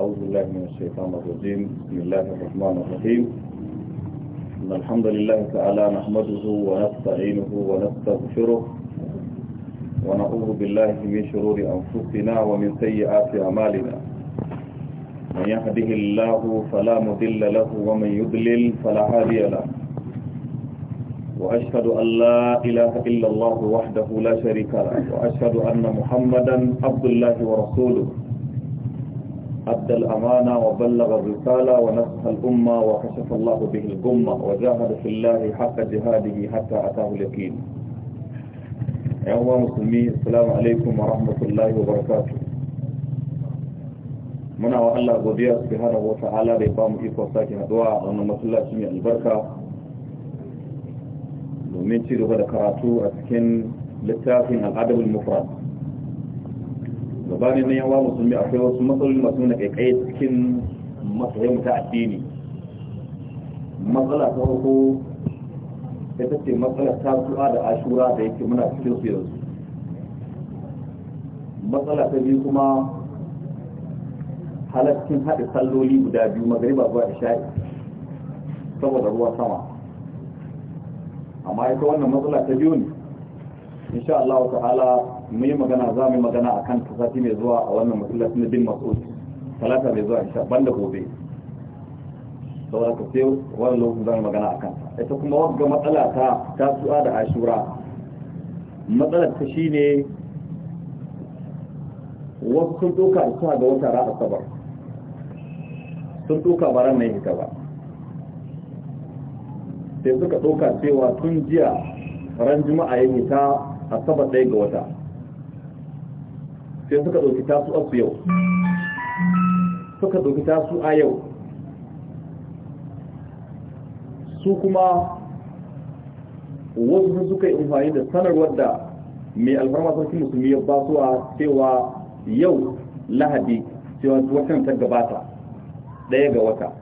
أعوذ بالله من الشيطان الرجيم بسم الله الرحمن الرحيم إن الحمد لله تعالى نحمده ونستعينه ونستغفره ونعوذ بالله من شرور أنفسنا ومن سيئات أعمالنا من يهده الله فلا مضل له ومن يضلل فلا هادي له وأشهد أن لا إله إلا الله وحده لا شريك له وأشهد أن محمدا عبد الله ورسوله أدى الأمانة وبلغ الرسالة ونصح الأمة وكشف الله به الغمة وجاهد في الله حق جهاده حتى أتاه اليقين يا أيها المسلمين السلام عليكم ورحمة الله وبركاته muna wa Allah godiya subhanahu da ya bamu iko sake haduwa a wannan masallaci mai albarka domin ci gaba da karatu a cikin littafin al'adabul mufrad gabanin na yawa musulmi akwai wasu matsaloli masu nuna kaikai cikin matsayin ta addini matsala ta farko ita ce matsalar zuwa da ashura da yake muna cikin su yanzu matsala ta biyu kuma halaccin haɗe salloli guda biyu magariba zuwa sha'i saboda ruwa sama amma ita wannan matsala ta biyu ne insha Allah ta'ala mun yi magana za mu yi magana akan sati mai zuwa a wannan masallaci na bin mas'ud talata mai zuwa ban da gobe saboda ka sai wani lokacin za mu magana kan ita kuma wagga matsala ta tasuwa da ashura matsalar ta ne wasu sun doka isa ga wata ra'a sabar sun doka na mai hita ba sai suka doka cewa tun jiya ran juma'a ya hita a sabar ɗaya ga wata sai suka ɗauki tasu a yau suka ɗauki tasu a yau su kuma wasu suka yi amfani da sanarwar da mai alfarma sarki musulmi ya ba su a cewa yau lahadi cewa watan ta gabata ɗaya ga wata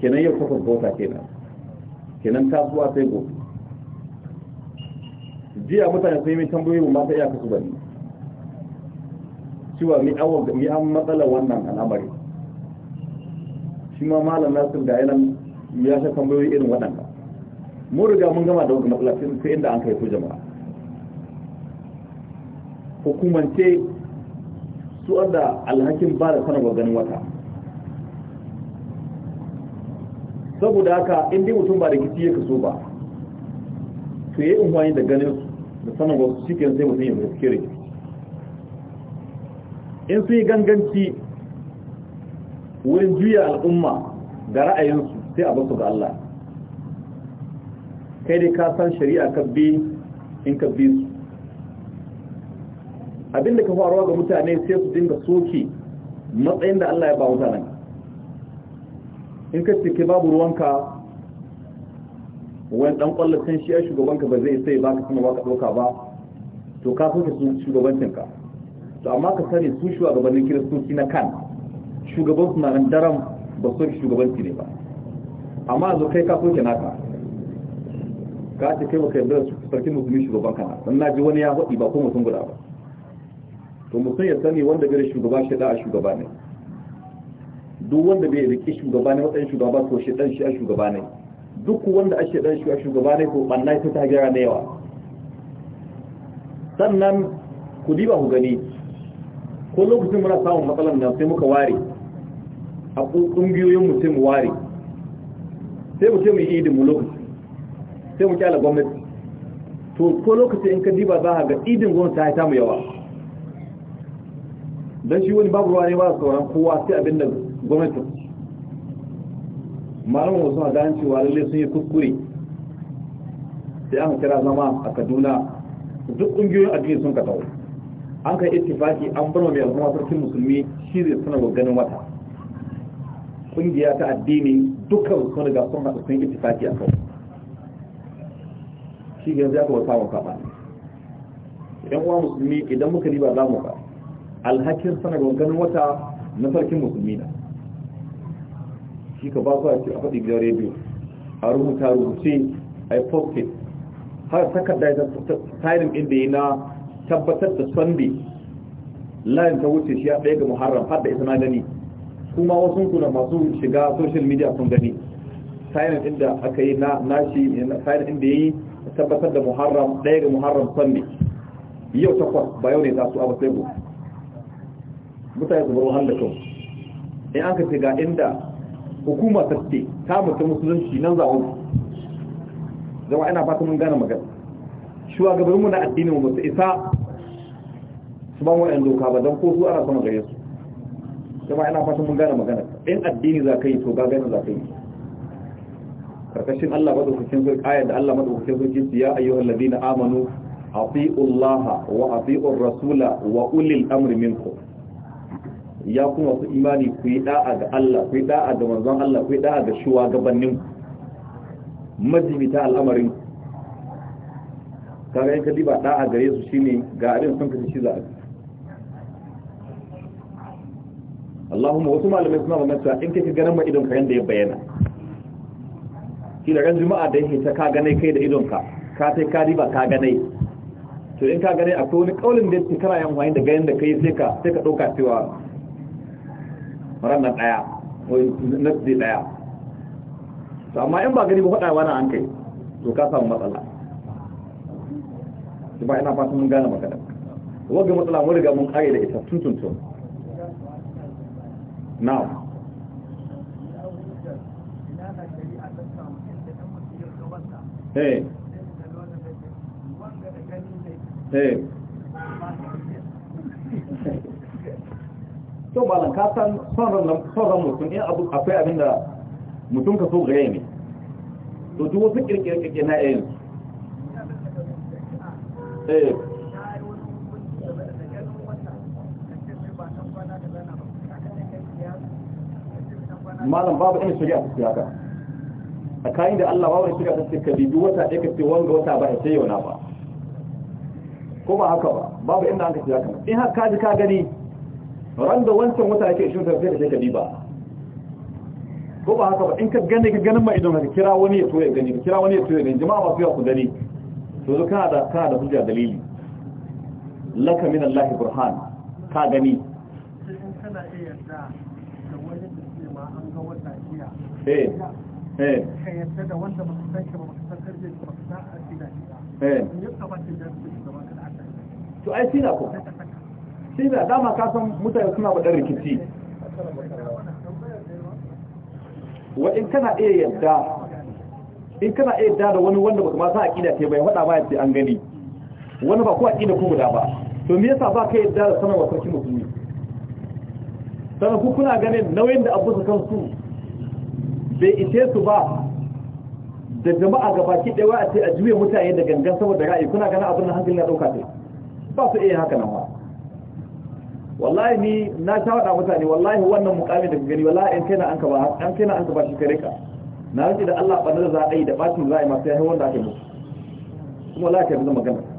kenan yau takwas ga wata kenan kenan ta zuwa sai gobe jiya mutane sun yi mai tambayoyi ba ta iya kasu bane cewa mi an matsala wannan al'amari shi ma malam nasir ga nan ya sha tambayoyi irin waɗanda mun riga mun gama da wani matsala sai inda an kai ko jama'a hukumance su da alhakin ba da sanarwa ganin wata saboda haka inda mutum ba da kiti ya kaso ba to yi unhwani da ganin da sanarwa su shi sai mutum ya fi in su yi ganganci wurin juya al'umma ga ra'ayinsu sai a su ga Allah kai dai ka san shari'a ka bi in ka bi su abinda ka faruwa ga mutane sai su dinga soke matsayin da Allah ya ba mutanen in ka cike babu ruwanka wani ɗan kwallon shi ya shugabanka ba zai sai ba ka kuma ba ka ɗauka ba to ka soke shugabancinka to amma ka sani su shugabannin kiristoci na kan shugaban na nan daram ba su so shugabanci ne ba amma zo kai ka soke naka ka ce kai baka yarda sarkin musulmi shugaban kana dan na ji wani ya haɗi ba ko mutum guda ba to mutum ya sani wanda bai shugaba shi da a shugaba ne duk wanda bai rike shugaba ne matsayin shugaba to shi dan shi a shugaba ne duk wanda a dan shi a shugaba ne to banna ta ta gyara da yawa sannan ku diba ku gani ko lokacin muna samun matsalar nan sai muka ware a ƙungiyoyin mu sai mu ware sai mu ce mu yi idin mu lokaci sai mu kyala gwamnati to ko lokaci in ka diba za a ga idin gwamnati ta haita mu yawa don shi wani babu ruwa ne ba sauran kowa sai abin da gwamnati malamin wasu a gane cewa lalle sun yi kuskure sai an kira zama a kaduna duk ƙungiyoyin addini sun ka tawo an ita ittifaki an bar mai al'umma sarkin musulmi shi zai sanarwa ganin wata kungiya ta addini dukkan sun ga sun haɗu sun ittifaki a kai shi yanzu ya kawo samun kaɓa idan uwa musulmi idan muka riba za mu ka alhakin sanarwa ganin wata na sarkin musulmi na shi ka ba su a ce a faɗi gidan rediyo a rubuta rubuce a yi post-it har ya ta tarin inda yi na tabbatar da sunday layin ta wuce shi ya ɗaya ga muharram har da ita na gani kuma wasu kuna masu shiga social media sun gani sayanin inda aka yi nashi sayanin inda ya yi tabbatar da muharram ɗaya ga muharram sunday yau takwas ba yau ne za su abu sai gobe mutane su bar hannu kawai in an ka shiga inda hukuma ta ce ta mutu musulunci nan za wani zama ina fata mun gane magana shugabanninmu na addinin mu su isa su ban wa'yan doka ba don ko su ana sama gare su kuma ina fashin mun gane magana in addini za ka yi to gagana za ka yi karkashin Allah madaukakin sarki ayat da Allah madaukakin sarki ya ayyuhal ladina amanu ati'u Allah wa ati'u rasula wa ulil amri minkum ya kuma su imani ku yi da'a ga Allah ku yi da'a ga manzon Allah ku yi da'a ga shugabannin majibita al'amarin kaga in ka diba da'a gare su shine ga abin sun kace shi za a Allahumma wasu malamai suna mamanta in kake ganin ma idonka yadda ya bayyana shi ran juma'a da yake ta ka gane kai da idonka ka sai ka riba ka ganai to in ka gane akwai wani kaulin da yake kana yan wayin da ganin da kai sai ka sai ka dauka cewa ran nan daya ko nasi daya to amma in ba gani ba faɗa na an kai to ka samu matsala ba ina fatan mun gane magana wagga matsala mun riga mun kare da ita tun tun tun now hey hey to malam ka san sauran mutum in eh, abu akwai abinda mutum ka so gare ne to duk wasu kirkirkirkir na yin eh malam babu ɗan shari'a ta siyaka a kayan da Allah babu shari'a ta siyaka bibi wata ɗaya ka ce wanga wata ba sai yau na ba ko ba haka ba babu inda an ka siyaka in har ka ji ka gani ran da wancan wata yake shi ta sai ka sai ba ko ba haka ba in ka gane ka ganin ma idan ka kira wani ya toye ya gani ka kira wani ya toye ya gani jama'a masu yawa ku gani to zo kana da kana da hujja dalili laka min Allah burhan ka gani Eh, eh. ba to ai sina ko sina dama ka san mutane suna rikici in kana iya yadda da wani wanda ba ma sa ce bai faɗa ba an gani wani ba ko ko guda ba to me yasa ba ka yadda da sanarwa sarki musulmi don ku kuna ganin nauyin da abu kansu bai ishe su ba da jama'a ga baki ɗaya a ce a juye mutane da gangan saboda ra'ayi kuna ganin abin da hankali na ɗauka ce ba su iya haka nan ba wallahi ni na waɗa mutane wallahi wannan mukamin da gani wallahi in kaina an ka ba an kaina an ka ba shi kare ka na rike da Allah banar za a yi da bacin za a yi masu yahin wanda ake musu kuma wallahi ka yi zama magana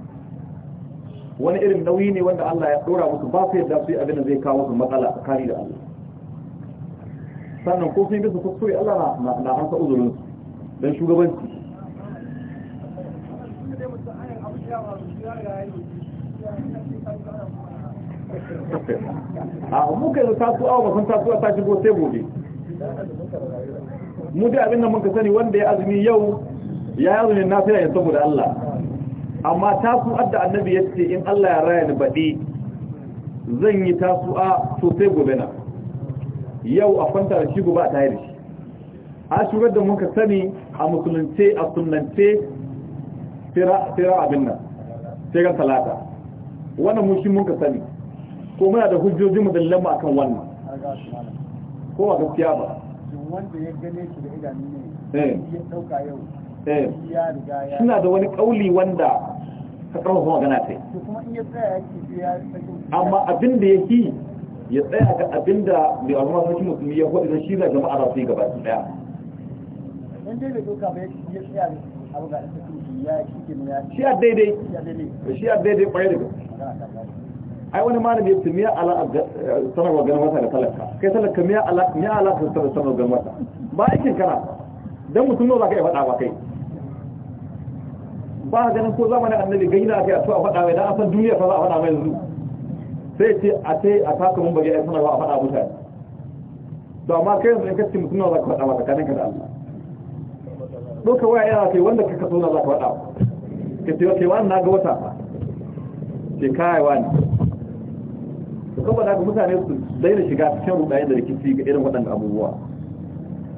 wani irin nauyi ne wanda Allah ya dora musu ba su yadda su yi abin da zai kawo musu matsala kari da Allah sannan ko sun bisa kuskure Allah na na ansa uzurin dan shugabanci a muka da tasu awa ba sun tasu a tashi ko sai gobe mu dai abin da muka sani wanda ya azumi yau ya yi azumin nasira ya saboda Allah amma tasu adda annabi ya ce in Allah ya raya ni baɗi zan yi tasu'a sosai gobe na yau a kwanta da shi gobe a ta shi a shugar da muka sani a musulunce a sunance tira abin nan sai kan talata wannan mun shi muka sani ko muna da hujjoji mu dalilan ba kan wannan ko a gaskiya ba wanda ya gane shi da idanu ne eh. ya dauka yau eh. suna da wani kauli wanda ka ɗaukar magana kai amma abin da ya ki ya tsaya ga abin da mai al'umma sarki musulmi ya kwaɗi don shi za jama'a za su yi gaba ɗaya shi a daidai shi a daidai ƙwaye daga ai wani malami ya ce miya alaƙa sanarwar ganin wata da talaka kai talaka miya alaƙa sanarwar ganin wata ba aikin kana don mutum za ka iya faɗa ba kai ba a ganin ko zamanin annabi na kai a tuwa a faɗa mai dan a san duniya ta za a faɗa mai yanzu sai ce a ce a taka mun bari ai sanarwa a faɗa mutane to ma kai yanzu in ka ce mutum na za ka faɗa maka kanin ka da Allah ɗauka waya yana kai wanda ka kaso na za ka faɗa ka ce ke wani na ga wata ke kai wani to kuma daga mutane su daina shiga cikin rudaye da rikici ga irin waɗannan abubuwa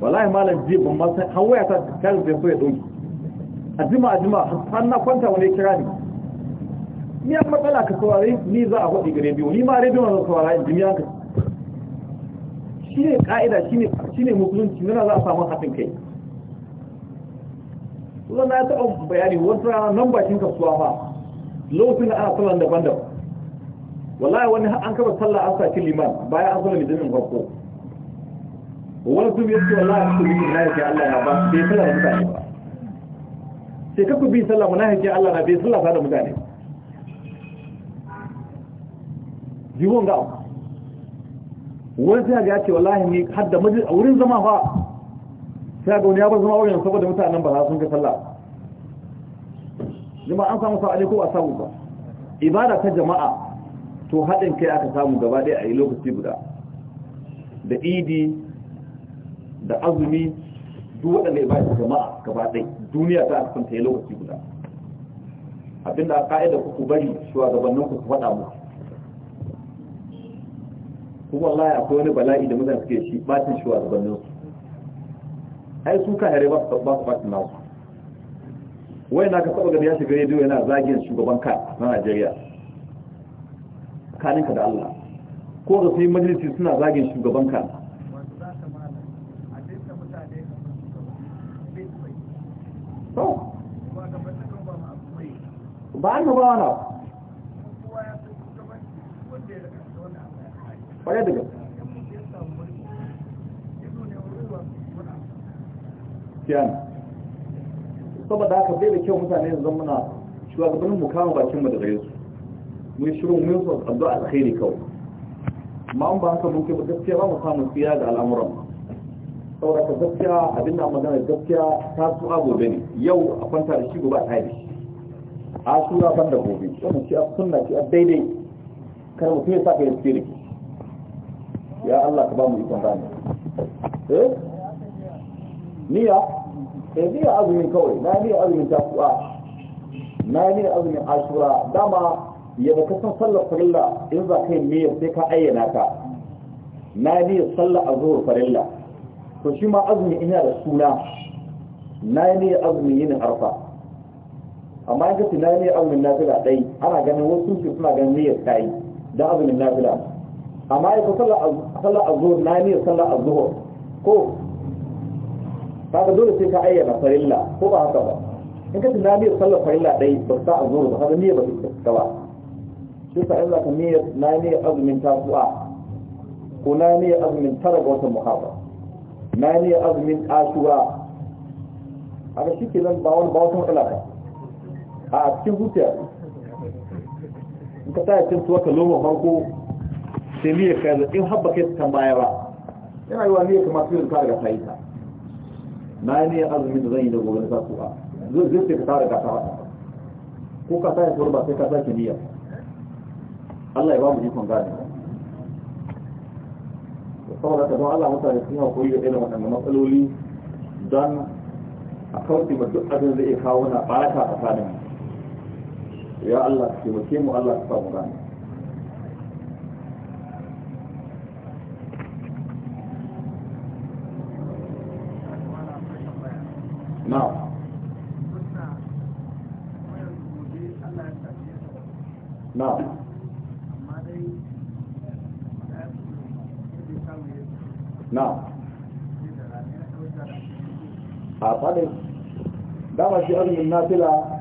wallahi malam jiya ban hawaya ta kan zai so ya dauki a jima a jima har na kwanta wani kira ni ni an matsala ka saurare ni za a faɗi gare biyu, ni ma rediyo wani saurare in jimiya ka shi ne ƙa'ida shi ne musulunci nuna za a samu haɗin kai sunan na ya taɓa bayani wata rana nan bakin kasuwa ba lokacin da ana sallan daban-daban wallahi wani an kaba sallah an sa liman bayan an sallah mijinin farko wani su biyar ce wallahi su biyar na yake allah na ba bai sallah da mutane ba sai kaku bin sallah munafikin Allah na bai sallah da mutane jiwon ga wani sai ga ce wallahi ne da majlis a wurin zama fa sai ga wani ya bar zama wurin saboda mutanen ba za sun ga sallah jama'a an samu sa'ani ko a samu ba ibada ta jama'a to haɗin kai aka samu gaba ɗaya a yi lokaci guda da idi da azumi duk waɗanda ibada jama'a gaba ɗaya duniya ta a kanta ya lokaci guda abinda a ka'ida ku bari gabanin ku faɗa muku kuma wallahi akwai wani bala'i da mutane suke shi batin gabanin su ai su ka hare ba su batin nasu wai na ka saba gani ya shiga rediyo yana zagin shugaban ka na Najeriya kaninka da Allah ko da sai majalisi suna zagin shugaban ka ba an duba wani kwaye daga kiyan saboda haka zai da kyau mutane yanzu muna shugabannin mu kama bakin mu da gare su mun shirin mun so addu'a alkhairi kawai amma an ba haka mun kai gaskiya ba mu samu tsiya ga al'amuran mu saboda ka gaskiya abinda magana gaskiya ta su abu ne yau a kwanta da shi gobe a tayi asura ban da gobe wannan ce a sunna ce daidai kar mutum ya saka yin yi ya Allah ka ba mu ikon gane eh niya eh niya azumin kawai na niya azumin takuwa na niya azumin ashura dama ya baka san sallar farilla in za ka yi niyya sai ka ayyana ka na niya sallar azhur farilla to shi ma azumi ina da suna na niya azumin yin arfa amma in ka tunani azumin nafila ɗai ana ganin wasu su suna ganin niyyar ta don azumin nafila amma ya ka sallar azuhur na niyyar sallar azuhur ko kaga dole sai ka ayyana farilla ko ba haka ba in ka tunani niyyar sallar farilla ɗai ba sa azuhur ba kaga niyyar ba su ta ba shi sa in za niyyar na niyyar azumin tasuwa ko na niyyar azumin tara ga watan muhabba na niyyar azumin a haka shi ke zan ba wani ba wata matsala ka. a cikin zuciya in ka ta yi tuwa ka loma farko sai miya ka yanzu in haɓa kai kan baya ba yana yi wa miya kamar su ka daga sayi ta na yi niyan azumin da zan yi da gobe na sasu ba zai zai sai ka tara ka tawa ko ka tsaya tuwar ba sai ka sake niyya Allah ya ba mu ikon gane saboda ka don Allah mutane sun hau koyi da irin waɗannan matsaloli don a kawai ma duk abin zai iya kawo na ɓata tsakanin mu ya Allah ka taimake mu Allah ka mu gane na na na a tsanin dama shi azumin nafila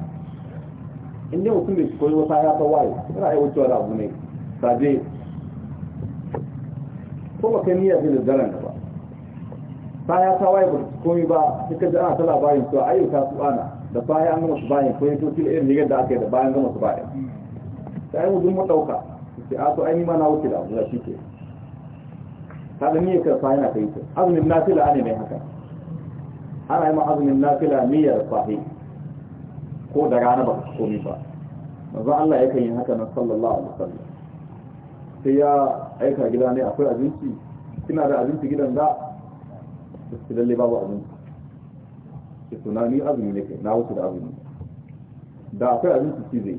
inda mutum da koyi wata ya ta waye yana aiwacewa da abu ne je ko ba kai niyya zai da daren ba baya ta waye ba komi ba suka ji ana ta labarin cewa ta su ana da baya an gama su bayan ko yanzu kila irin rigar da aka yi da bayan gama su bayan ta yi mutum maɗauka ce a to ainihi ma na wuce da abu da shi ke ta da niyyar karfa yana kai ta azumin nafila ne mai haka ana yi ma azumin nafila niyyar fahi ko da rana ba su komi ba manzo Allah ya kan yi haka na sallallahu alaihi wasallam sai ya aika gida ne akwai abinci kina da abinci gidan da su dalle babu abinci ke tunani azumi ne kai na wuce da azumi da akwai abinci shi zai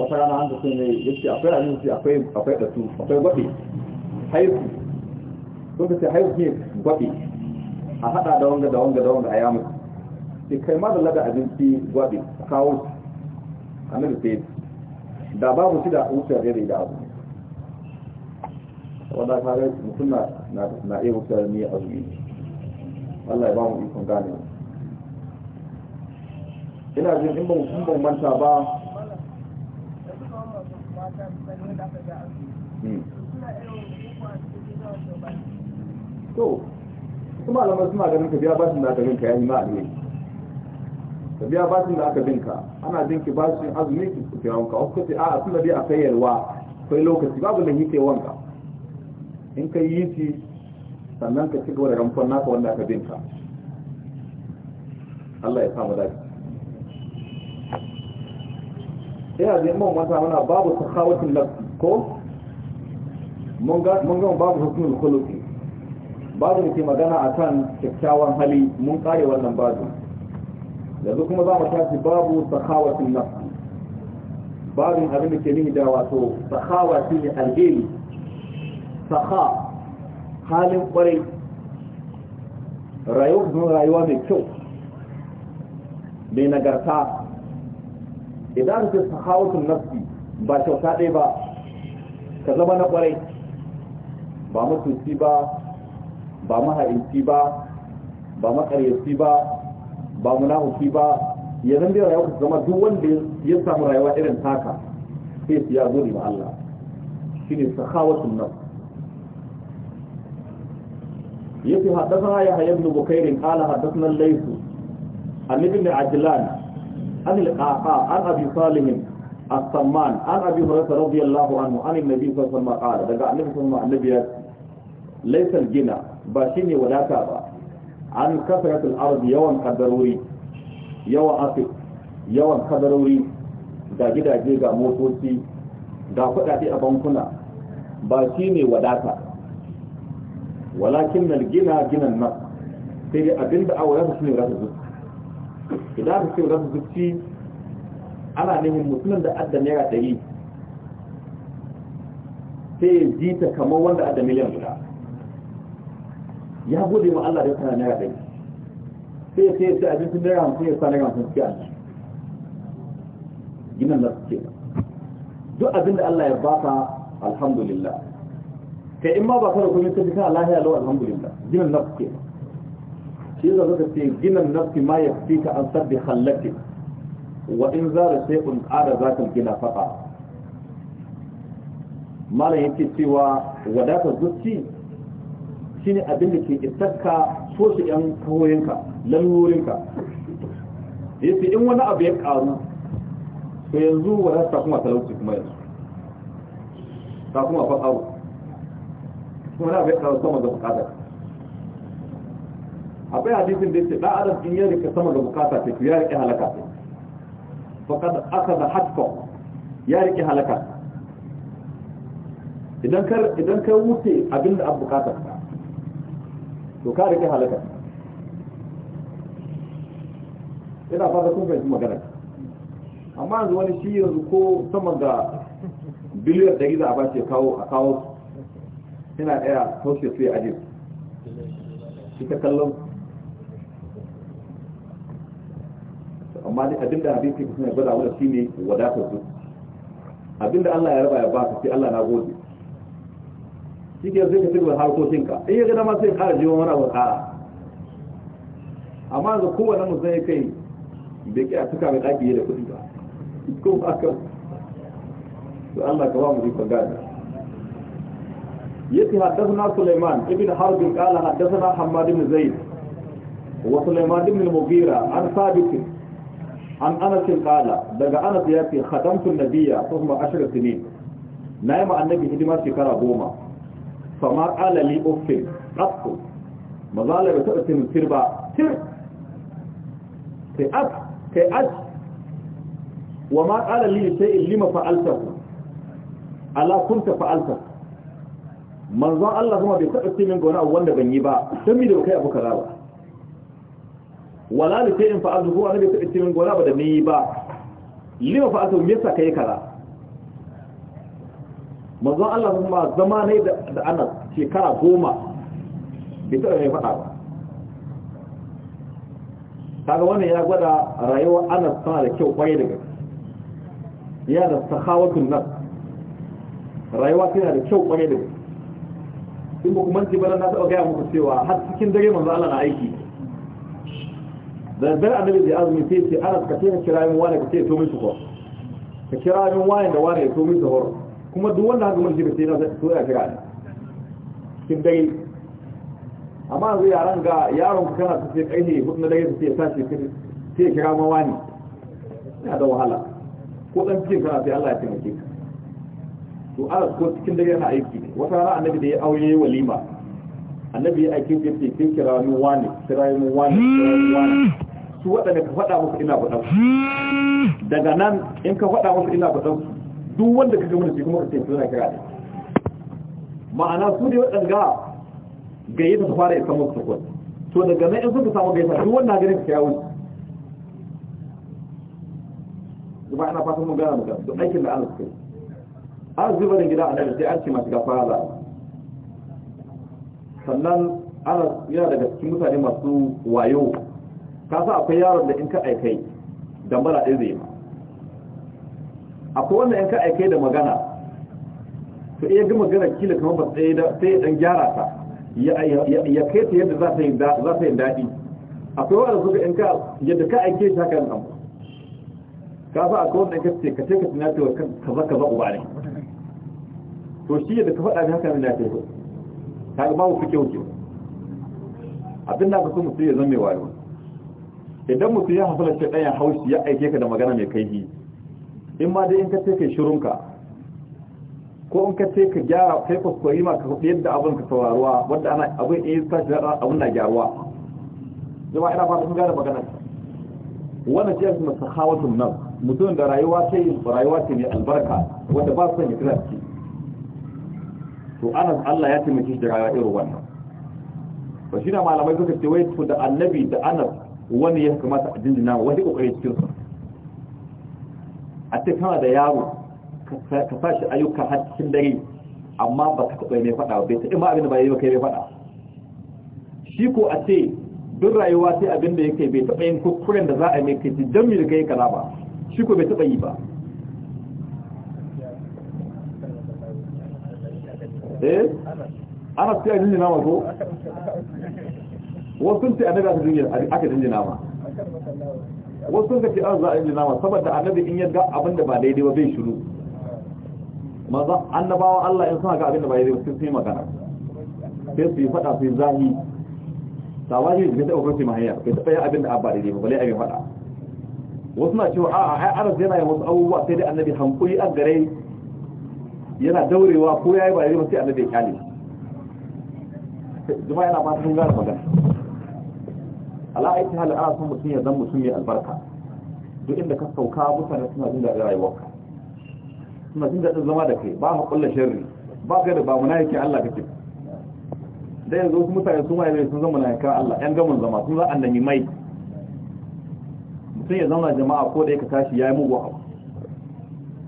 wata rana an ta ne ya ce akwai abinci akwai akwai su akwai gobe haihu sun ka ce haihu ne gobe a haɗa da wanga da wanga da wanga a yamusu sai kai ma da laga abinci gwabi kawo annabi sai da babu shi da wuciyar rai da abu wanda ta rai mutum na na iya wuciyar ne a zuwi Allah ya ba mu ikon gane ina jin in ba kun ban manta ba hmm. to kuma alamar suna ganin ka biya ba da na ganin ka yayi ma a ne ka biya bashin da aka binka ana binki bashin azumi ki kira wanka wasu kace a'a tunda dai akai yalwa kai lokaci babu da yake wanka in kai yi shi sannan ka cigaba da ramfon naka wanda aka binka Allah ya samu dace ina da mun wata mana babu sahawatin nafsi ko mun ga mun ga babu hukumul khuluqi babu da ke magana akan kyakkyawan hali mun kare wannan babu yanzu kuma za mu tashi babu sakhawatin nafsi babin abin da ke nuni da wato sakhawa shine alheri Saka, halin kwarai rayuwa rayuwa mai kyau mai nagarta idan ka sakhawatin nafsi ba kyauta ɗaya ba ka zama na kwarai ba mutunci ba ba maha'inci ba ba makaryaci ba ba mu munafiki ba ya zan bai rayuwa zama duk wanda ya samu rayuwa irin taka sai su ya gode ma Allah shine sakawatun nan yace hadathana ya hayy ibn bukair qala hadathana al-layth an ibn ajlan an al-qaqa an abi salim as-samman an abi hurairah radiyallahu anhu an an-nabi sallallahu alaihi wasallam qala daga annabi sallallahu alaihi wasallam laysa al-gina ba shine wadata ba an kasratul ard yawan kadarori yawan asif yawan kadarori ga gidaje ga motoci ga kudade a bankuna ba shi shine wadata walakin gina gina nan sai dai abinda a wadata shine rasa zuci idan ka ce rasa zuci ana neman mutumin da adda naira 100 sai ya kamar wanda adda miliyan guda ya gode ma Allah da ya sana naira ɗari sai sai sai abincin naira hamsin ya sa naira hamsin sai Allah ginin da suke duk abinda Allah ya baka alhamdulillah kai in ma ba ka da komai ka jika lahiya ya alhamdulillah ginin da suke shi zaka ka ce ginin nafsi ma ya fi ka an sabbi hallaki wa in zara shay'un ada zakal gina faɗa malam yake cewa wadatar zuci shine abin da ke isarka so su yan kawoyinka lalurinka yace in wani abu ya karu to yanzu wala ta kuma talauci kuma yanzu ta kuma fa karu wani abu ya karu sama da bukata abai hadisin da yace da adam in ya rika sama da bukata ta ya rike halaka ta faqad akhadha hatqa ya rike halaka idan ka idan ka wuce abinda abu ka to ka rike halaka ina fata kun fahimci magana amma yanzu wani shi yanzu ko sama ga biliyar da giza a ba kawo a kawo ina daya toshe su ya aje shi ta kallon amma dai abinda abin ke kusa ya gwada wani shi ne wadatar su abinda Allah ya raba ya ba su sai Allah na gode shi ke sai ka fi harkokinka in ya gada ma sai kara jiwon wani abu kara amma yanzu kowane mutum ya kai da ke a tuka mai ɗaki da kuɗi ba ko ba ka to Allah ka ba mu rikon gada yace haddathana Sulaiman ibn Harb qala haddathana Hammad ibn Zaid wa Sulaiman ibn al-Mughira an Thabit an Anas kala daga Anas yace khadamtu an-nabiyya thumma ashra sinin nayi ma annabi hidima shekara goma fa ma qala li uffin qattu mazala ba taɓa cin tir ba tir kai ab wa ma qala li shay'in lima fa'altahu ala kunta fa'altahu manzon Allah kuma bai taɓa cin min gona wanda ban yi ba dan mi da kai abu ba wala li shay'in bai taɓa min ba da ba me yasa kai kara? manzon Allah kuma zama ne da ana shekara goma bai taɓa mai faɗa ba kaga wannan ya gwada rayuwar anas tana da kyau kwaye daga ya da sahawatun nan rayuwa tana da kyau kwaye daga in ba kuma ci bana na taɓa gaya muku cewa har cikin dare manzon Allah na aiki da dare annabi da azumi sai ce anas ka ce ka kira min wani ka ce to min su ka kira min wani da wani ya to min horo kuma duk wanda haka mulki da sai na so ya kira ne cikin dai amma yanzu yaran ga yaron ku kana su sai kai ne hudu na dai su sai tashi sai kira ma wani ya da wahala ko dan cikin kana sai Allah ya taimake ka to ala ko cikin dai yana aiki ne wata rana annabi da ya aure walima annabi ya aiki ya ce kin kira ni wani kira ni wani kira wani su waɗanda ka faɗa musu ina faɗa daga nan in ka faɗa musu ina faɗa duk wanda kaje wani kuma ka ce suna kira ne ma'ana su ne waɗanda gayyata ta fara ya samu su to daga nan in suka samu gaisa, duk wanda ne ka yawo ba ana fatan mun gana maka duk aikin da Allah kai an zuba da gida a nan sai an ce masu gafa za sannan ana yana daga cikin mutane masu wayo ka sa akwai yaron da in ka aikai dambala ɗaya zai ma akwai wanda yanka aike da magana ta iya gama magana kila kuma ba sai ya dan gyara ta ya kai ta yadda za ta yi daɗi akwai wanda suka yanka yadda ka aike shi haka nan ka fa akwai wanda yanka ce ka ce ka tunata wa kaza kaza uba ne to shi yadda ka faɗa haka nan ya ce ta ga babu fi kyau abin da aka so mutum ya zama mai wayo idan mutum ya hasala shi ɗaya haushi ya aike ka da magana mai kaihi in ma dai in ka ce kai shirunka ko in ka ce ka gyara kai kuskure ma ka hudu yadda abin ka sauraruwa wanda ana abin iya sa shi abin na gyaruwa zama ina fata sun gane magana wannan ce su masahawatun nan mutum da rayuwa ce rayuwa ce mai albarka wanda ba su son ya kira ciki to ana Allah ya taimake shi da rayuwa irin wannan ba shi na malamai suka ce wai to da annabi da anas wani ya kamata a jinjina wani kokari cikin sa a ce kama da yaro ka sa ayyuka har cikin dare amma ba ka taɓa mai faɗa bai taɓa ma abinda ba yi ba kai mai faɗa shi ko a ce duk rayuwa sai abinda ya yake bai taɓa yin kukurin da za a mai kai jidan mil kai kaza ba shi ko bai taɓa yi ba eh ana sai a jinjina ma ko wasu sai annabi aka jinjina ma wasu sun kace an ah, za'a a yi nama saboda annabi in yadda abinda ba daidai ba bai shiru maza annabawa Allah in suna ga abinda ba daidai ba sun fi magana sai su yi faɗa su yi zahi tawaji da ta ofarci mahaya kai ta tsaya abinda da ba daidai ba balai abin faɗa wasu na cewa a'a ah, ai aras yana yin wasu abubuwa sai dai annabi hankuri an gare yana daurewa ko yi ba daidai ba sai annabi ya kyale yana fatan gane magana ala aiki hali ana son mutum ya zan mutum mai albarka duk inda ka sauka mutane suna jin daɗin rayuwarka suna jin daɗin zama da kai ba ka kulla sharri ba ka da ba muna yake Allah kake da yanzu wasu mutane sun waye sun zama na yakan Allah yan gamin zama sun za annabi mai mutum ya zama jama'a ko da yake tashi yayi mugu abu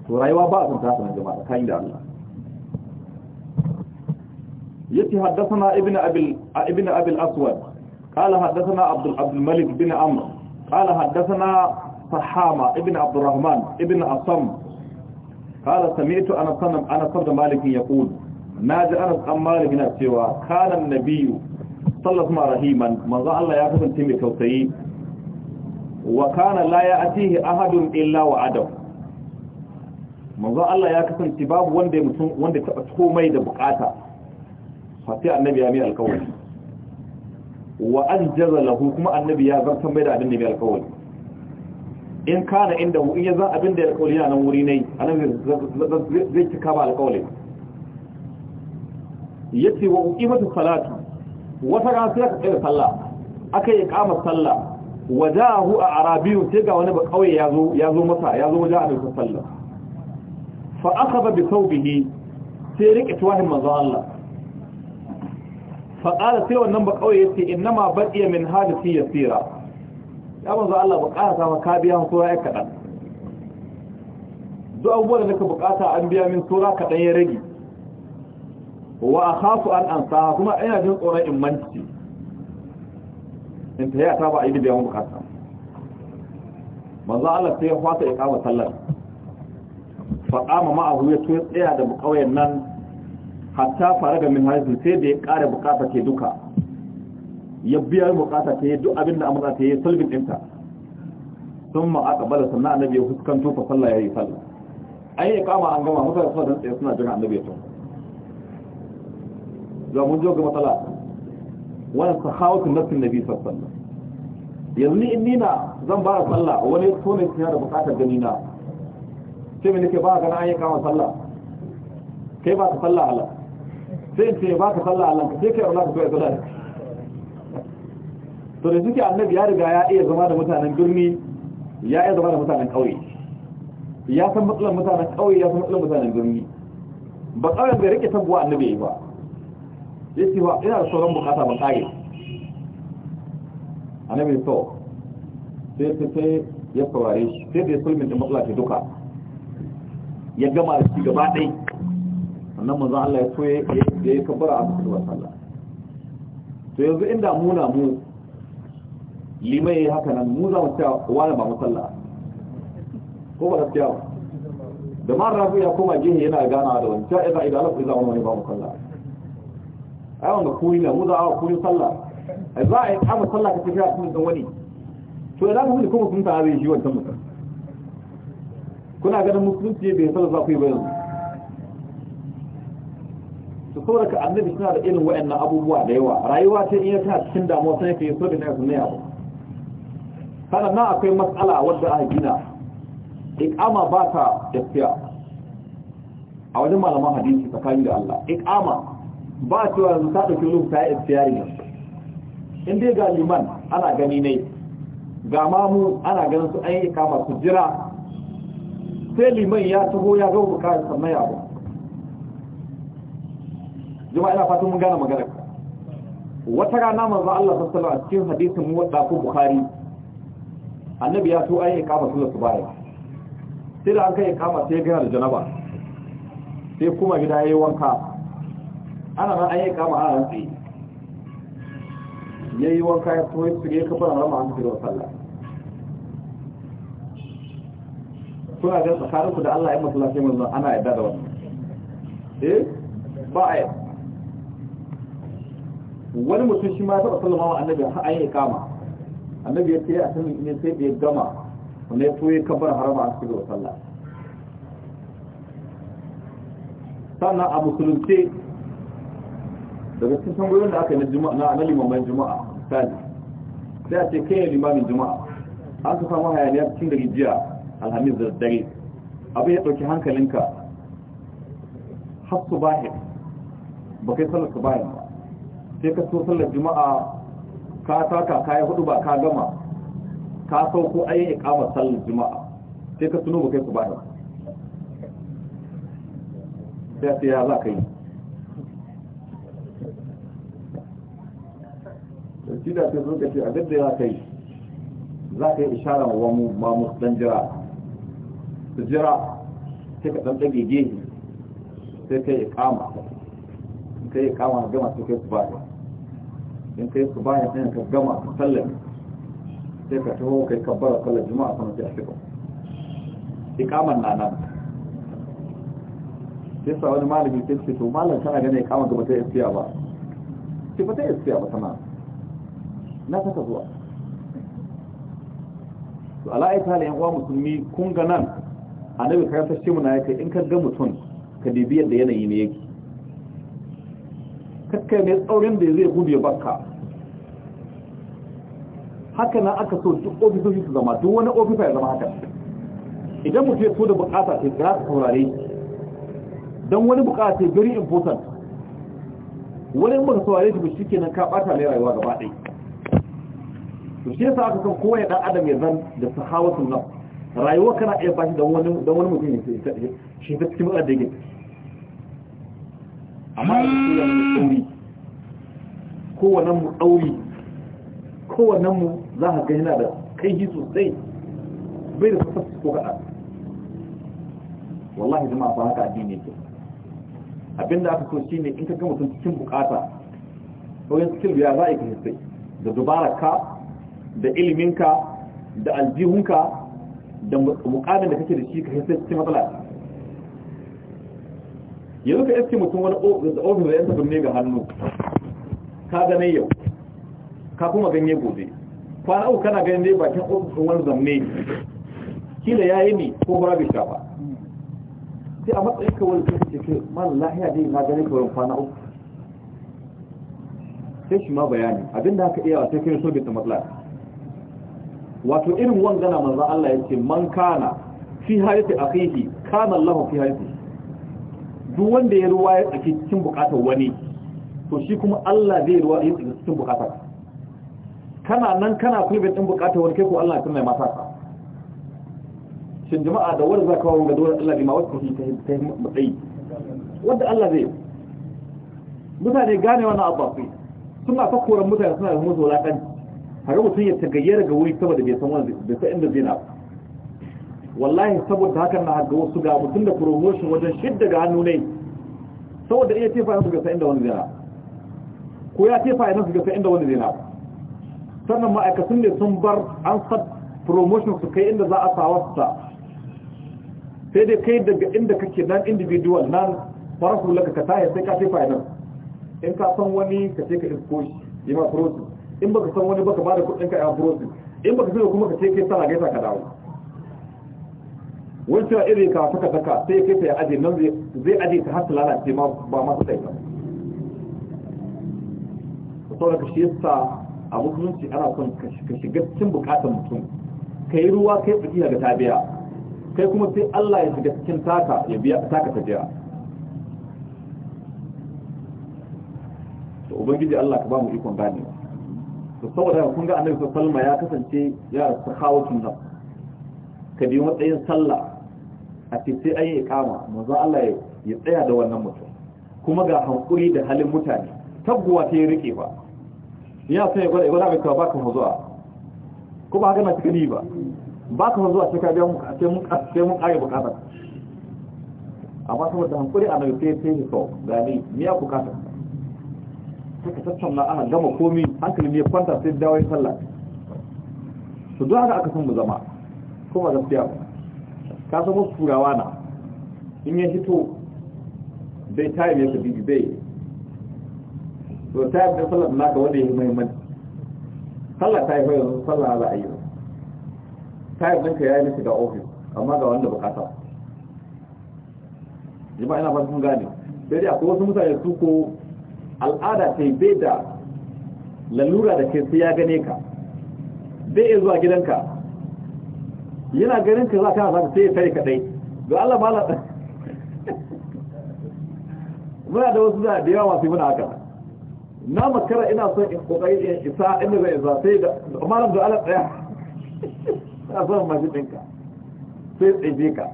to rayuwa ba a san tasa na jama'a kai da Allah yace haddathana ibnu abil ibnu abil aswad قال حدثنا عبد عبد الملك بن عمرو قال حدثنا صحامة ابن عبد الرحمن ابن أصم قال سمعت أنا صنم أنا صنم مالك يقول ناجي أنا صنم مالك نفسي كان النبي صلى الله رحيما من ظهر الله يأخذ انتمي كوتي وكان لا يأتيه أحد إلا وعدم من ظهر الله يأخذ انتباب وانده وانده تأتخو ميدا بقاتا فاتي النبي أمير الكوتي wa ajjaza lahu kuma annabi ya zartan mai da abin da bai alkawari in kana inda in ya zan abin da ya alkawari yana nan wuri ne annabi zai cika ba alkawari yace wa uqimatu salatu wata ran sai ka tsaya sallah aka yi kama sallah wajahu a sai ga wani ba kauye yazo yazo masa yazo wajen annabi salla fa akhadha bi thawbihi sai rike tuwahin manzo Allah faƙala sai wannan ba kawai yace ma baqiya min hadisi yasira ya manzo Allah buƙata ma ka biya sura ya kaɗan. duk abubuwan da nake buƙata an biya min sura kaɗan ya rage wa akhafu an ansa kuma ina jin tsoron in manci in ta ya ta ba a yi buƙata manzo Allah sai ya fata kama sallar ma ma'ahu ya tsaya da bukawai nan hatta fara ga minhajin sai da ya ƙara bukata ta duka ya biya bukata ta yi duk abin da amurka ta yi sulbin ɗinta sun ma'aƙabala sannan annabi ya fuskanto fa sallah ya yi sallah an yi kama an gama mutane suna tsaye suna jiran annabi ya tun za mun jo ga matsala wani sahawatun nassin nabi sallallahu alaihi yanzu in ni na zan ba sallah wani so ne suna da bukatar gani na sai me nake ba ga an yi kama sallah kai ba ka sallah Allah sai ce ba ka sallah Allah sai kai Allah ka kai sallah to da suke annabi ya riga ya iya zama da mutanen birni ya iya zama da mutanen kauye ya san matsalar mutanen kauye ya san matsalar mutanen birni ba kauyen bai rike tabbuwa annabi ya yi ba yace ba ina da sauran bukata ban kare annabi to sai ta sai ya saurare sai da ya sulmin da matsala ta duka ya gama da shi gaba ɗai sannan manzon Allah ya so ya da ya kabbara a cikin sallah to yanzu inda muna mu limai haka nan mu za mu cewa wani ba musalla ko ba gaskiya ba da ma rafi ya koma jihi yana gana da wani ta iza idan alaƙa iza wani ba musalla ai wanda kuri na mu za a kuri sallah za a yi kama sallah ka tafiya kuma dan wani to idan mu kuma kun ta zai yi wancan mutum kuna ganin musulunci bai sallah za ku yi ba yanzu su saboda ka annabi suna da irin wayannan abubuwa da yawa rayuwa ta iya ta cikin damuwa sai ka yi so da na sunna abu kana na akwai matsala wadda aka gina ikama ba ta tafiya a wajen malaman hadisi tsakani da Allah ikama ba cewa yanzu ta dauki lokaci ta tsiyari ne in dai ga liman ana gani ne ga mamu ana ganin su an yi ikama su jira sai liman ya taho ya ga bukatar sannan abu jama'a ina fatan mun gane magana wata rana manzo Allah sallallahu alaihi wasallam a cikin hadisin muwadda ko bukhari annabi ya so ai ikama sallar subaya sai da an kai ikama sai ga da janaba sai kuma gida yayi wanka ana nan ai ikama a ran sai yayi wanka ya so ya ga kafara harama an tsige sallah kuna ga tsakarinku da Allah ya masallaci manzo ana yadda da wannan eh ba a wani mutum shi ma ya taɓa sallama wa annabi har an yi kama annabi ya ce a sanin ne sai da ya gama wanda ya toye kabbar harama a cikin sallah sannan a musulunce daga cikin tambayoyin da aka yi na limaman juma'a misali sai a ce kai limamin juma'a an ka samu hayaniya cikin gari jiya alhamis da dare abin ya ɗauki hankalinka har su bahir ba kai sallar su bahir ba sai ka so sallar juma'a ka ka yi hudu ba ka gama ka sauko ayin ikama sallar juma'a sai ka suno ba kai ku ba sai sai ya za ka yi shi da sai zuka ce a gadda ya kai za ka yi ishara wa mu ma dan jira su jira sai ka dan dage gehe sai ka yi kai iqama gama sai kai ku ba in kai su baya ɗin ka gama ka sallame sai ka taho kai kabbara sallar juma'a kuma sai a shiga ikaman na nan sai sa wani malami sai ce to malam tana gane ikama ga bata iskiya ba ce bata iskiya ba tana na saka zuwa to ala ita halin uwa musulmi kun ga nan annabi karantar shi na yake in ka ga mutum ka dibi yadda yanayi ne yake kakkai mai tsaurin da zai gudu ya baka haka na aka so duk ofisoshi su zama duk wani ofisa ya zama haka idan mutu ya so da bukata sai za su saurare don wani bukata ya very important wani in baka saurare ta shi kenan ka bata mai rayuwa gaba ɗaya su ce sa aka san kowa ya dan adam ya zan da sahawatul nafs rayuwa kana iya bashi don wani don wani mutum ne shi ta cikin matsalar da yake amma da su yana da tsauri mu tsauri kowannen mu za a gani na da kai sosai bai da fasar ko kaɗa wallahi jama'a ba haka addini yake abinda aka so ne in ka gama sun cikin bukata ɗoyin cikin biya za a yi ka sosai, da ka da iliminka da aljihunka da mukamin da kake da shi ka sai cikin matsala yanzu ka iske mutum wani da ofis da yanta birni ga hannu ka gane yau ka kuma ganye gobe kwana uku kana ganin dai bakin ofishin wani zamne kila ya yi ne ko bara bai sha ba sai a matsayin ka wani kai ce kai man lahiya dai na ganin ka wurin kwana uku sai shi ma bayani abinda haka iya sai kai so bai ta matsala wato irin wangana manzan Allah ya ce man kana fi harfi akhihi kana Allah fi harfi duk wanda ya ruwa ya tsaki cikin bukatar wani to shi kuma Allah zai ruwa ya tsaki cikin bukatar kana nan kana kulbin din bukatar warke ko Allah tun mai mata ka shin jama'a da wanda zaka wanga dole Allah bi ma wasu kuma ta yi matsayi wanda Allah zai mutane gane wannan abu suna ta koran mutane suna da musu wulakan har mutum ya tagayyara ga wuri saboda bai san wanda bai san inda zai na wallahi saboda hakan na ga wasu ga mutum da promotion wajen shidda ga hannu ne saboda iya tefa yansu ga sa'in inda wani zai na ko ya tefa yansu ga sa'in inda wani zai na sannan ma'aikatan ne sun bar an sa promotion su kai inda za a sawarsa sai dai kai daga inda kake nan individual nan farahu laka ka taya sai ka ce final in ka san wani ka ce ka isko shi yi ma prosi in baka san wani baka bada kudin ka ya prosi in baka san kuma ka ce kai sana gaisa ka dawo wani cewa iri ka saka saka sai kai ta ya aje nan zai aje ta har ta lalace ma ba masu tsaye ba saboda ka shi yasa a musulunci ana son ka shiga cikin bukatar mutum ka yi ruwa kai tsakiya ta tabiya kai kuma sai Allah ya shiga cikin taka ya biya taka ta biya to ubangiji Allah ka ba mu ikon gane to saboda kun ga annabi sallallahu alaihi ya kasance ya sakhawatun nan ka bi matsayin sallah a ce sai an yi ikama manzo Allah ya tsaya da wannan mutum kuma ga hankuri da halin mutane tabbuwa ta yi rike ba ya sai ya gwada mai kawo baka mazuwa ko ba haka na cikin yi ba baka zuwa sai ka biya sai mun kare bukatar amma saboda hankuri a mai sai sai so gani miya bukatar sai ka na ana gama komi hankali ne kwanta sai dawo ya sallah su duk haka aka san mu zama kuma gaskiya ba ka zama wasu turawa na in ya hito bai tayi mai sabibi bai to ta da sallar na ga wanda ya muhimmanci sallar ta yi fa sallar za a yi ta yi ɗinka ya yi nufi ga ofis amma ga wanda bukata jima ina farfin gane sai dai akwai wasu mutane su ko al'ada ta yi bai da lalura da ke sai ya gane ka bai iya zuwa gidanka yana ganin ka za ka na zaka sai ya tare kaɗai ga Allah ba muna da wasu da yawa masu yi muna haka na makara ina son in kokari in isa inda zai isa sai da malam da Allah tsaya ta son masu ɗinka sai tsaye ka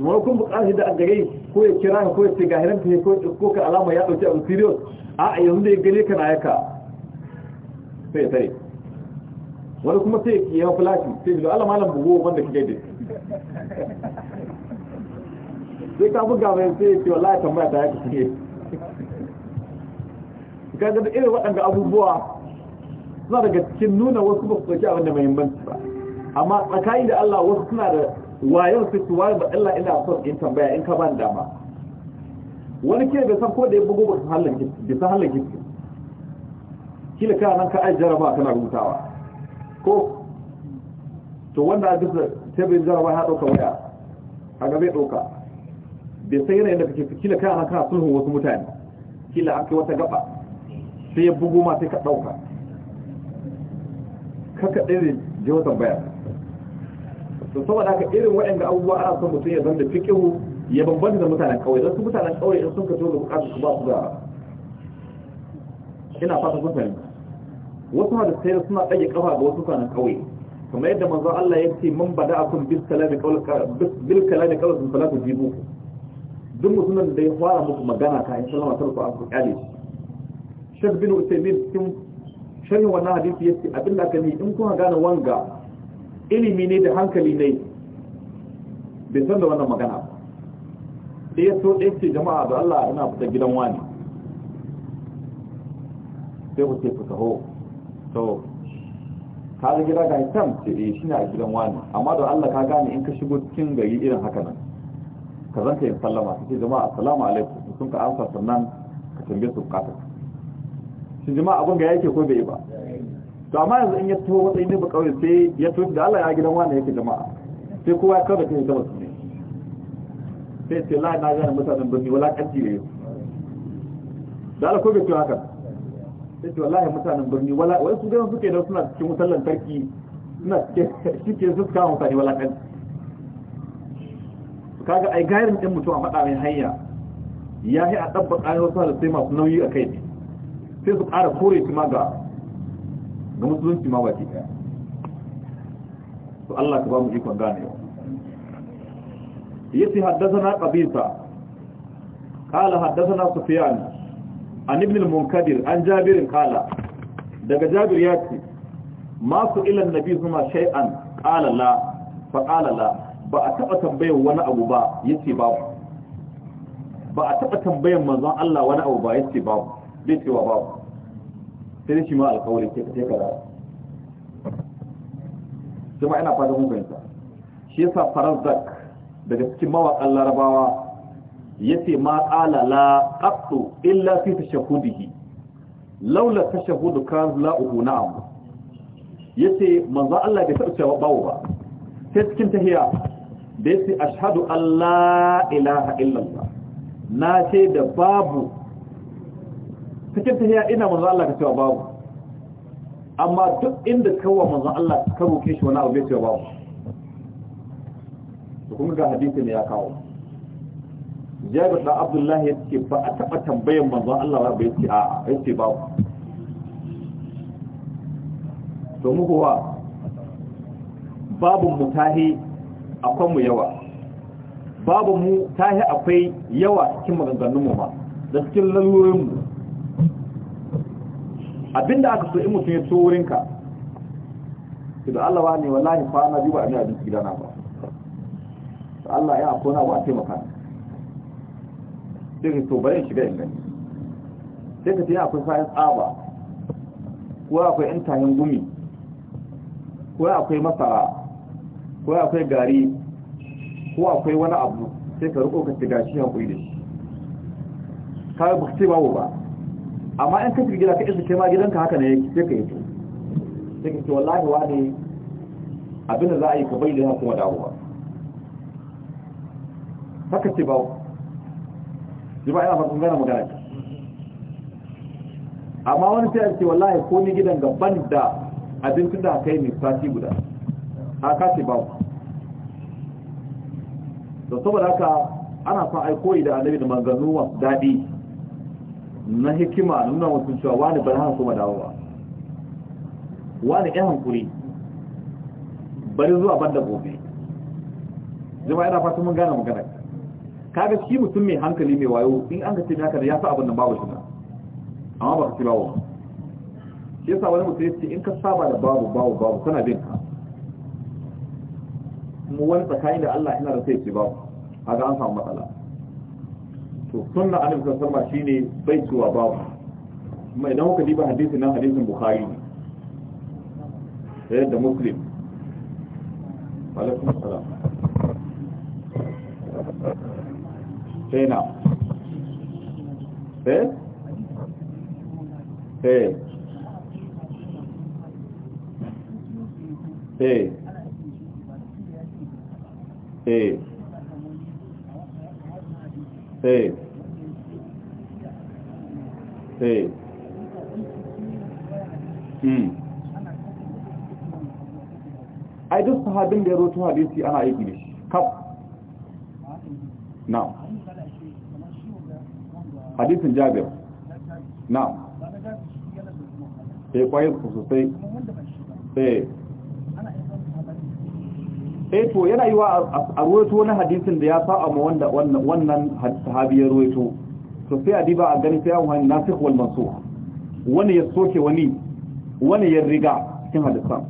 wani kun bukatar da an gare ko ya kira ka ko ya ce ga hiran ta ko ko ka alama ya dauki abu serious a a yanzu da ya gane ka na yaka sai ya tare wani kuma sai ya yi flashi sai da Allah malam bugo wanda ka da sai ka buga mai sai ya ce wallahi tambaya ta ka kike gaga da irin waɗanda abubuwa suna daga cikin nuna wasu ba su ɗauki abin da muhimmanci ba amma tsakayi da Allah wasu suna da wayan su su wayan ba Allah ina so in tambaya in ka ni dama wani kira bai san ko da ya bugu ba su halin kiski bai san halin kiski kila kana nan ka aji jaraba kana rubutawa ko to wanda a bisa tebirin jaraba ya ɗauka waya a gabe ɗauka bai sai yanayin da kake kila kana nan kana sulhun wasu mutane kila an kai wata gaba sai ya bugu ma sai ka ɗauka kaka ɗin wata baya to saboda haka irin waɗanda abubuwa ana son mutum ya zama da fiƙihu ya bambanta da mutanen ƙauye don su mutanen ƙauye in sun ka tura buƙatar su ba su da ina fata sun fahimta wasu hadisai suna ɗage ƙafa ga wasu mutanen ƙauye kamar yadda manzo Allah ya ce man bada akun bil kalami bil kalami qawlan salatu jibu duk mutumin da ya fara muku magana ka in sallama tarku an ku kyale shi shek bin usaimin cikin sharhin wannan hadisi ya ce abin da aka ne in kuma gane wanga ilimi ne da hankali ne bai san da wannan magana da ya so ɗaya ce jama'a da Allah ina fita gidan wani sai ku ce fita ho to ka ga gida ga hitam ce ɗaya eh, shi ne a gidan wani amma da Allah ka gane in ka shigo cikin gari irin haka nan ka zanta yin sallama sai jama'a assalamu alaikum sun ka amsa sannan ka tambaye su bukatar su jima abin ga yake ko bai ba to amma yanzu in ya taho wata nufa kawai sai ya tafi da Allah ya gidan wani yake jama'a sai kowa ya kawai kai gaba su ne sai sai la na gane mutanen birni wala kanti ne da Allah ko bai tuwa haka sai ce wallahi mutanen birni wala wai su ganin suke da suna cikin wutar lantarki suna cikin su kama mutane wala kanti kaga ai gairin din mutum a faɗa mai hanya ya yi a ɗabba ƙayan wasu halittai masu nauyi a kai ne sai su ƙara kore shi ma ga ga musulunci ma baki ɗaya to Allah ka ba mu ikon gane yau yace haddathana qabisa قال حدثنا سفيان عن ابن munkadir an jabirin Kala. daga Jabir ya ce ma su ilan nabi zuma shay'an qala la fa qala la ba a taba tambayar wani abu ba yace babu ba a taba tambayar manzon Allah wani abu ba yace babu zai cewa babu sai shi ma alkawari ke ka kaza kuma ina fata mun fahimta shi yasa farazzak daga cikin mawaƙan larabawa yace ma qala la qattu illa fi tashahudihi laula tashahudu kan la na'am yace manzo Allah bai taɓa cewa bawo ba sai cikin tahiya da yace ashhadu an la ilaha illallah na ce da babu cikin ya ina manzo Allah ka cewa babu amma duk inda kawo manzo Allah ka roke shi wani abu cewa babu to kuma ga hadisi ne ya kawo Jabir da Abdullahi ya ce ba a taba tambayar manzo Allah ba yace a yace babu to mu kuwa babu mutahi akwai mu yawa babu mu tahi akwai yawa cikin maganganun mu ma da cikin lalurorin mu abinda aka so in mutum ya to wurinka da Allah wa ne wallahi na biyu ba a abinci gidana ba To Allah ya ko na ba a taimaka sai ka to bari shiga in gani sai ka tiya akwai sayan tsaba ko akwai yan gumi ko akwai masara ko akwai gari ko akwai wani abu sai ka riko ka tiga shi hankuri da shi ka ba ba amma in ka girgira ka isa kai ma gidanka haka ne yake sai ka yi to sai ka ce wallahi wa ne abinda za a yi ka bai da kuma dawowa haka ce ba ji ba ina ba kun gana magana ce amma wani sai a ce wallahi ko ni gidan gaban da abincin da aka yi mai sati guda haka ce ba da saboda haka ana son aikoyi da annabi da maganuwa daɗi na hikima nuna mutum cewa wani bari hana kuma dawowa wani 'yan hankuri bari zuwa banda gobe zama yana fata mun gane magana kaga shi mutum mai hankali mai wayo in an ka ce haka da ya sa abin da babu shi amma ba ka ci bawo shi yasa wani mutum ce in ka saba da babu babu babu kana bin ka mu wani tsakani da Allah ina da sai ce babu kaga an samu matsala to sunna annabi sallallahu alaihi shine bai zuwa ba mai dan kuka diba hadisi na hadisin bukhari ne da muslim alaikum assalam sai na sai sai sai eh eh eh hmm. ai duk sahabin da ya roto hadisi ana aiki ne, kaf na hadisin jabir na sai eh, kwaye sosai sai eh. eh to yana yi wa a ruwaito wani hadisin da ya sa'a ma wanda wannan sahabi ya ruwaito to sai a diba a gani sai an nasiru wal mansukh wani ya soke wani wani ya riga cikin hadisan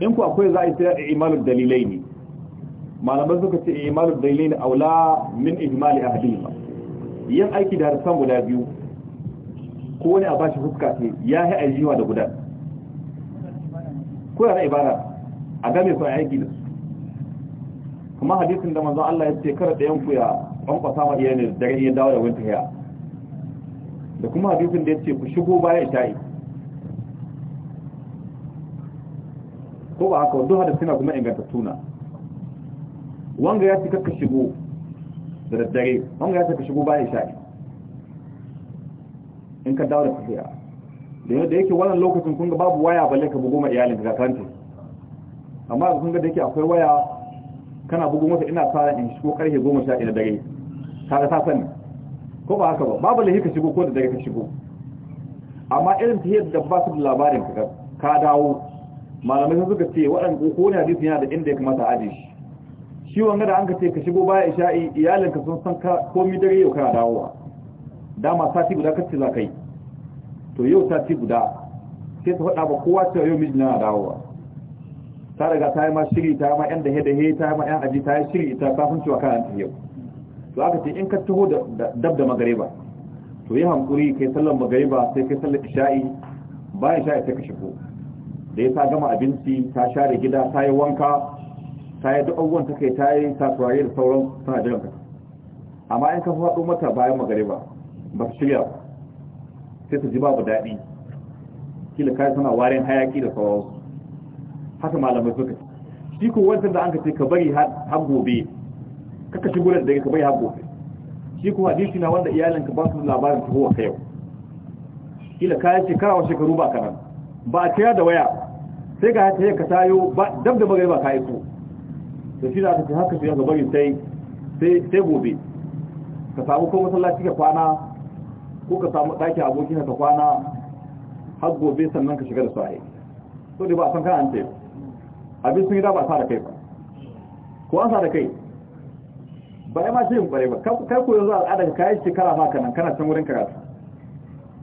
in ku akwai za a yi sai imalul dalilai ne malamai suka ce imalul dalilai ne aula min hadin ba yin aiki da hadisan guda biyu ko wani a bashi fuska ce ya yi jiwa da guda ko yana ibara a game ko aiki da su kuma hadisin da manzo Allah ya ce kar da yanku ya kwankwasa ma iyalin da dare ya dawo da wanta ya da kuma hadisin da ya ce ku shigo baya ta'i ko ba haka wadda hadisi suna kuma inganta tuna wanga ya ce ka shigo da daddare wanga ya ce ka shigo baya ta'i in ka dawo da tafiya da yadda yake wannan lokacin kun ga babu waya balle ka bugo ma iyalin ka kanta amma kun ga da yake akwai waya kana bugun wata ina fara in shigo karfe goma sha dare kaga ta sani ko ba haka ba babu lahi ka shigo ko da dare ka shigo amma irin ta yadda ba su da labarin ka ka dawo malamai sun suka ce waɗanda ko ne hadisi yana da inda ya kamata aje shi shi wanga da an ka ce ka shigo baya isha'i iyalinka sun san ka komi dare yau kana dawowa dama sati guda kace za kai to yau sati guda sai ta faɗa ba kowa cewa yau mijina na dawowa ta daga ta yi ma shiri ta yi ma yan dahe dahe ta yi ma yan aji ta yi shiri ta kafin cewa kan ta yau to aka ce in ka taho da dab da magariba to yi hankuri kai sallar magariba sai kai sallar isha'i bayan isha'i sai ka shigo da ya ta gama abinci ta share gida ta yi wanka ta yi duk abubuwan ta kai ta yi tatuwaye da sauran suna jiran ka amma in ka faɗo mata bayan magariba ba su shirya sai ta ji babu daɗi kila kai suna warin hayaki da sauransu haka malamai suka shi ko wancan da an ka ce ka bari har gobe kaka shigo da dare ka bari har gobe shi ko hadisi na wanda ka ba su labarin ko ka yau kila kayan shekara wa shekaru ba kanan ba a tsaya da waya sai ga haka ka tayo ba dab da magana ba ka aiko to shi da ce haka sai ga bari sai sai gobe ka samu ko masallaci ka kwana ko ka samu daki abokin ka kwana har gobe sannan ka shiga da sai to da ba san kana an tayo abin sun yi da ba sa da kai ba ko an sa da kai ba ya ma shi yin kware ba kai ko yanzu al'adar ka yi shekara ma kanan kana can wurin karatu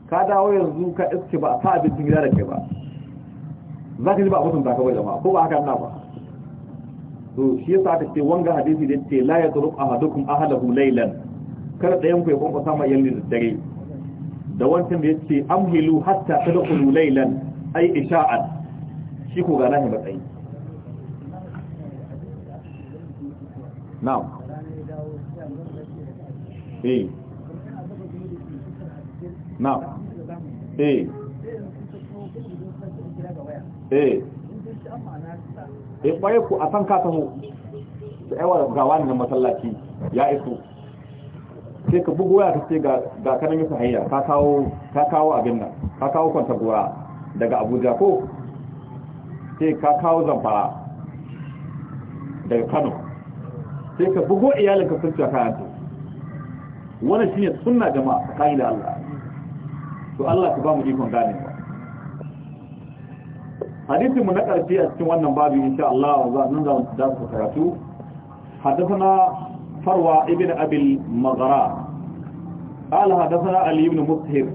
ka dawo yanzu ka iske ba sa abin sun yi da kai ba za ka ji ba a mutunta ka jama'a ko ba haka na ba to shi ya sa ka ce wanga hadisi da ce la a hadukun ahalahu lailan kar da yanku ya kunku sama yalli da dare da wancan da ya ce amhilu hatta kulu lailan ai isha'an shi ko ga nahi matsayi na'am eh na'am eh eh eh kwaye ku a san ka taho da yawa ga wani na masallaci ya iso sai ka bugu waya ka ce ga kanan yasa hayya ka kawo ka kawo abin nan ka kawo kwanta gora daga abuja ko sai ka kawo zamfara daga kano sai ka bugo iyalinka sun ta kayan ta wannan shine sunna jama'a tsakani da Allah to Allah ka ba mu ikon gane ba hadisi mu na ƙarshe a cikin wannan babu insha Allah za nan za mu da su karatu hadathana farwa ibn abil maghara قال حدثنا ali ibn مسهر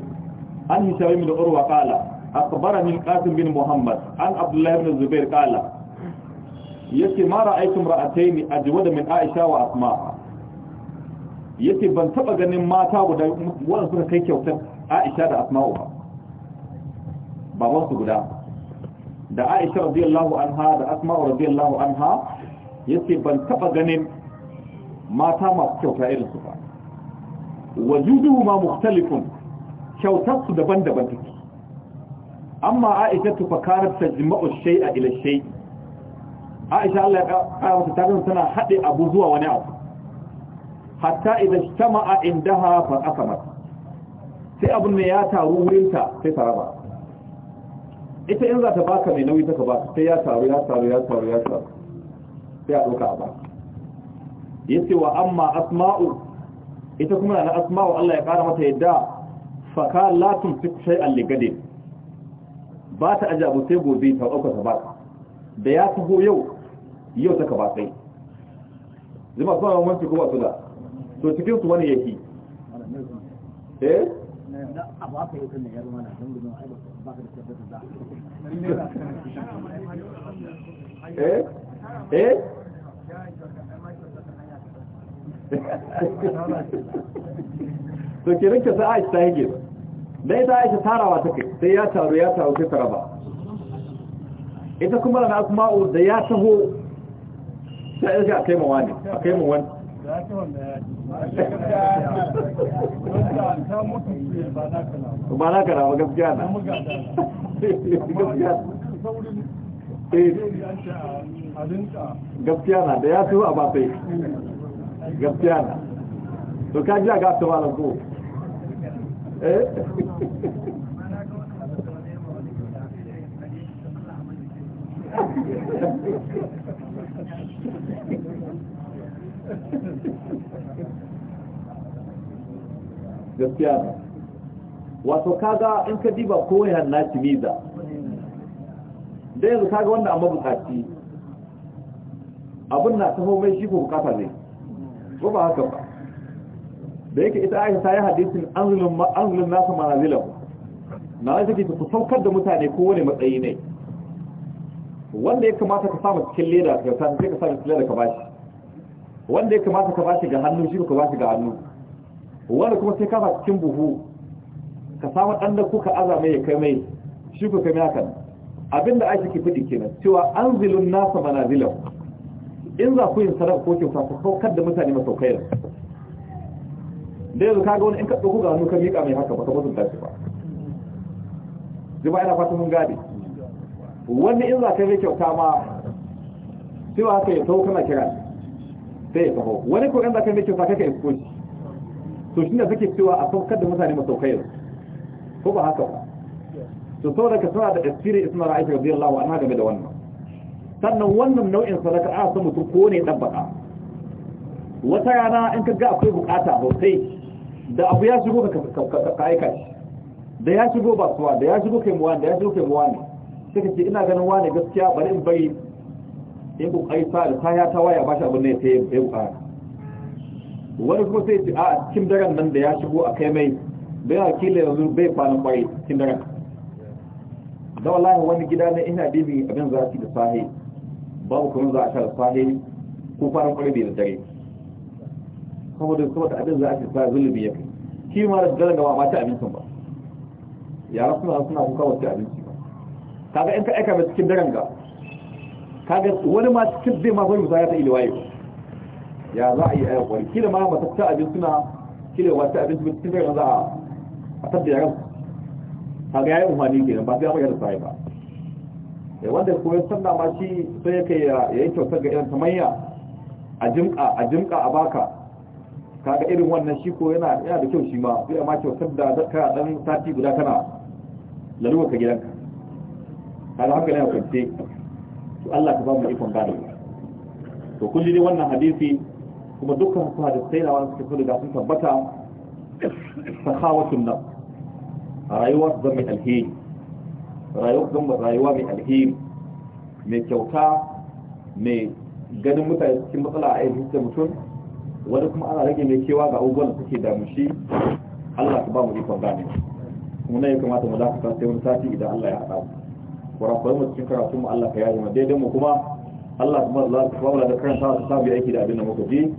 an هشام بن عروه قال اخبرني القاسم بن bin muhammad an الله بن الزبير قال yace ma ra'aytum ra'atayn ajwada min Aisha wa Asma yace ban taba ganin mata guda wanda suka kai kyautar Aisha da Asma ba baban su guda da Aisha radiyallahu anha da Asma radiyallahu anha yace ban taba ganin mata masu kyauta irin su ba wajuduhuma mukhtalifun kyautar su daban-daban take amma Aisha fa kanat tajma'u shay'a ila shay'in aisha Allah ya kara mata tarin tana haɗe abu zuwa wani abu hatta idan shama shtama'a indaha fa qasamat sai abun ne ya taru wurinta sai ta raba ita in za ta baka mai nauyi taka baka sai ya taru ya taru ya taru ya taru sai a doka ba yace wa amma asma'u ita kuma na asma'u Allah ya ƙara mata yadda fa ka la tumsik shay'an ligadin ba ta ajabu sai gobe ta dauka ta baka da ya taho yau yau saka ba sai zama suna mamanci kuma su da to cikin su wani yake eh eh eh to kiran sai Aisha ta hige dai ta Aisha tarawa kai. sai ya taru ya taru sai raba. ita kuma na Asma'u da ya taho sai ya ce a kai mawa ne a kai mawa ba na kana ba gaskiya na gaskiya na da ya so a ba sai gaskiya na to ka ji a ga ta malam eh gaskiya ne wato kaga in ka diba kowai hannu ci miza da yanzu kaga wanda amma bukaci abin na taho mai shi ko bukata ne ko ba haka ba da yake ita aisha ta yi hadisin anzulun nasa manazilan na wajen take ku saukar da mutane kowane matsayi ne wanda ya kamata ka samu cikin leda ka san sai ka samu leda ka bashi wanda ya kamata ka bashi ga hannu shi ka bashi ga hannu wanda kuma sai ka sa cikin buhu ka samu dan da kuka azame ya kai mai shi ku kai hakan abinda aisha ke fadi kenan cewa anzilun nasa manazilahu in za ku yin sarrafa ko kyauta ku saukar da mutane masaukai da da yanzu kaga wani in ka dauko ga hannu ka miƙa mai haka ba ka mutunta shi ba Zuba ina fata mun gadi wani in za ka yi kyauta ma cewa haka ya taho kana kira sai ya taho wani ko in za ka yi kyauta kaka isko shi to shi ne suke cewa a saukar da mutane masaukai yau ko ba haka ba to saboda ka suna da tasirin isma ra'ayi radiyallahu anha game da wannan sannan wannan nau'in sadaka a san mutum ko ne dabbaka wata rana in ka ga akwai bukata sosai da abu ya shigo ka aika shi da ya shigo ba suwa da ya shigo kai muwa da ya shigo kai muwa ne sai ka ce ina ganin wani gaskiya bari in bari in ku kai sa da ya ta waya ba shi abin da ya sai ya bukara wani kuma sai ce a cikin daren nan da ya shigo a kai mai bai kila yanzu bai kwanan kwari cikin daren da wallahi wani gida na ina bibi abin za su da sahi babu kuma za a sha da sahi ko kwanan kwari bai da dare kuma da saboda abin za a ci sa zulubi ya kai shi ma da daren gaba mata abincin ba yara suna suna kuka wacce abinci kaga in ka aika mai cikin daren ga kaga wani ma cikin zai ma musa ya ta iliwaye ya za a yi a yakwari kila ma matatta abin suna kila ta abin cikin daren za a tabda yaran kaga ya yi umarni kenan ba sai amma da sai ba ya eh, wanda kuma sannan ma shi sai ya kai ya yi kyautar ga irin tamayya a jimka a jimka a baka kaga irin wannan shi ko yana yana da kyau shi ma sai ma kyautar da zakka dan sati guda kana laluwa ka gidanka kaga haka yana kwance su Allah ka ba mu ikon gane to kun ji wannan hadisi kuma dukkan su hadisai da wani suka riga sun tabbata sakawatun nan rayuwar zan mai alheri rayuwar zan rayuwa mai alheri mai kyauta mai ganin mutane cikin matsala a yanzu da mutum wani kuma ana rage mai kewa ga abubuwan da suke damu shi Allah ka ba mu ikon gane kuma na ya kamata mu lafi sai wani sati idan Allah ya haɗa mu kurakurai mu cikin karatu mu Allah ka yaji mu daidai mu kuma Allah kuma za ka kawo da karanta ta sabi aiki da abin da muka ji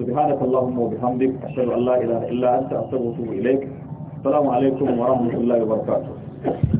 subhanaka allahumma wa bihamdik ashhadu an la ilaha illa anta astaghfiruka wa atubu ilaik assalamu alaikum wa rahmatullahi wa barakatuh